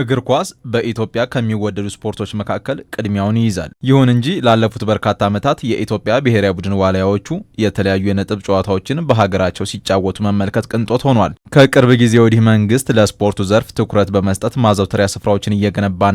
እግር ኳስ በኢትዮጵያ ከሚወደዱ ስፖርቶች መካከል ቅድሚያውን ይይዛል። ይሁን እንጂ ላለፉት በርካታ ዓመታት የኢትዮጵያ ብሔራዊ ቡድን ዋልያዎቹ የተለያዩ የነጥብ ጨዋታዎችን በሀገራቸው ሲጫወቱ መመልከት ቅንጦት ሆኗል። ከቅርብ ጊዜ ወዲህ መንግስት ለስፖርቱ ዘርፍ ትኩረት በመስጠት ማዘውተሪያ ስፍራዎችን እየገነባና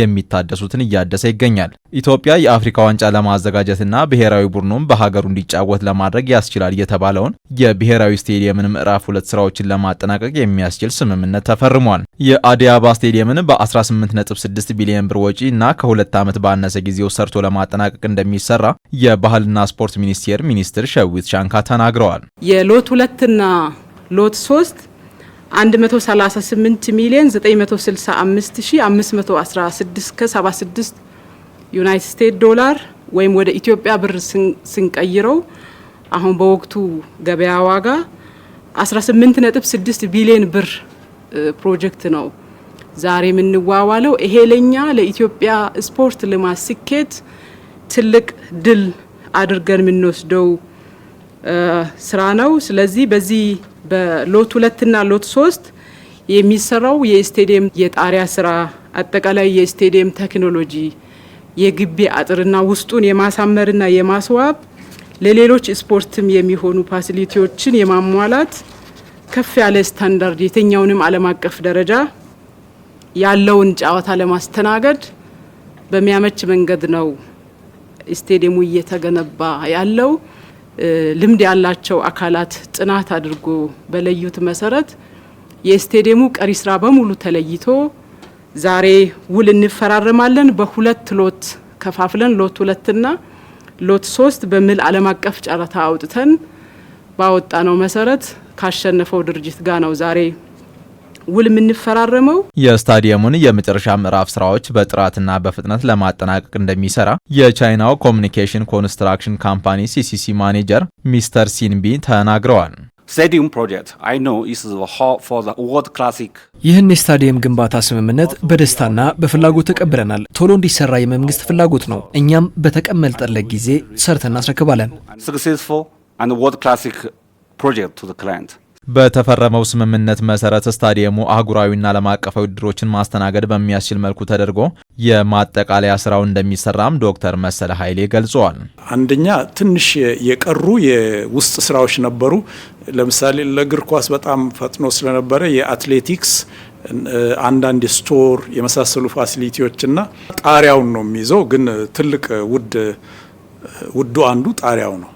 የሚታደሱትን እያደሰ ይገኛል። ኢትዮጵያ የአፍሪካ ዋንጫ ለማዘጋጀትና ብሔራዊ ቡድኑም በሀገሩ እንዲጫወት ለማድረግ ያስችላል የተባለውን የብሔራዊ ስቴዲየምን ምዕራፍ ሁለት ስራዎችን ለማጠናቀቅ የሚያስችል ስምምነት ተፈርሟል። የአዲስ አበባ ስቴዲየምን በ18.6 ቢሊዮን ብር ወጪ እና ከሁለት ዓመት ባነሰ ጊዜው ሰርቶ ለማጠናቀቅ እንደሚሰራ የባህልና ስፖርት ሚኒስቴር ሚኒስትር ሸዊት ሻንካ ተናግረዋል። የሎት ሁለትና ሎት ሶስት 138 ሚሊዮን 965 ከ76 ዩናይትድ ስቴትስ ዶላር ወይም ወደ ኢትዮጵያ ብር ስንቀይረው አሁን በወቅቱ ገበያ ዋጋ 18.6 ቢሊዮን ብር ፕሮጀክት ነው ዛሬ የምንዋዋለው። ይሄ ለኛ ለኢትዮጵያ ስፖርት ልማት ስኬት ትልቅ ድል አድርገን የምንወስደው ስራ ነው። ስለዚህ በዚህ በሎት ሁለትና ሎት ሶስት የሚሰራው የስቴዲየም የጣሪያ ስራ፣ አጠቃላይ የስቴዲየም ቴክኖሎጂ የግቢ አጥርና ውስጡን የማሳመርና የማስዋብ ለሌሎች ስፖርትም የሚሆኑ ፋሲሊቲዎችን የማሟላት ከፍ ያለ ስታንዳርድ የትኛውንም ዓለም አቀፍ ደረጃ ያለውን ጨዋታ ለማስተናገድ በሚያመች መንገድ ነው ስቴዲየሙ እየተገነባ ያለው። ልምድ ያላቸው አካላት ጥናት አድርጎ በለዩት መሰረት የስቴዲየሙ ቀሪ ስራ በሙሉ ተለይቶ ዛሬ ውል እንፈራረማለን። በሁለት ሎት ከፋፍለን ሎት ሁለትና ሎት ሶስት በሚል ዓለም አቀፍ ጨረታ አውጥተን ባወጣ ነው መሰረት ካሸነፈው ድርጅት ጋር ነው ዛሬ ውል የምንፈራረመው። የስታዲየሙን የመጨረሻ ምዕራፍ ስራዎች በጥራትና በፍጥነት ለማጠናቀቅ እንደሚሰራ የቻይናው ኮሚኒኬሽን ኮንስትራክሽን ካምፓኒ ሲሲሲ ማኔጀር ሚስተር ሲንቢ ተናግረዋል። ይህን የስታዲየም ግንባታ ስምምነት በደስታና በፍላጎት ተቀብለናል። ቶሎ እንዲሰራ የመንግስት ፍላጎት ነው። እኛም በተቀመጠለት ጊዜ ሰርተን እናስረክባለን። በተፈረመው ስምምነት መሰረት ስታዲየሙ አህጉራዊና ዓለም አቀፋዊ ውድድሮችን ማስተናገድ በሚያስችል መልኩ ተደርጎ የማጠቃለያ ስራው እንደሚሰራም ዶክተር መሰለ ኃይሌ ገልጸዋል። አንደኛ ትንሽ የቀሩ የውስጥ ስራዎች ነበሩ። ለምሳሌ ለእግር ኳስ በጣም ፈጥኖ ስለነበረ የአትሌቲክስ አንዳንድ ስቶር የመሳሰሉ ፋሲሊቲዎችና ጣሪያውን ነው የሚይዘው። ግን ትልቅ ውድ ውዱ አንዱ ጣሪያው ነው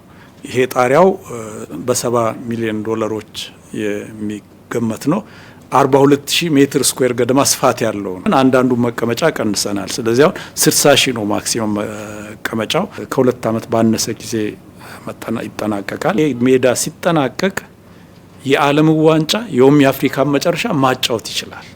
ይሄ ጣሪያው በሰባ ሚሊዮን ዶላሮች የሚገመት ነው። 42 ሺህ ሜትር ስኩዌር ገደማ ስፋት ያለው ነው። አንዳንዱ መቀመጫ ቀንሰናል። ስለዚህ አሁን 60 ሺህ ነው ማክሲመም መቀመጫው። ከሁለት ዓመት ባነሰ ጊዜ ይጠናቀቃል። ይህ ሜዳ ሲጠናቀቅ የዓለም ዋንጫ የውም የአፍሪካን መጨረሻ ማጫወት ይችላል።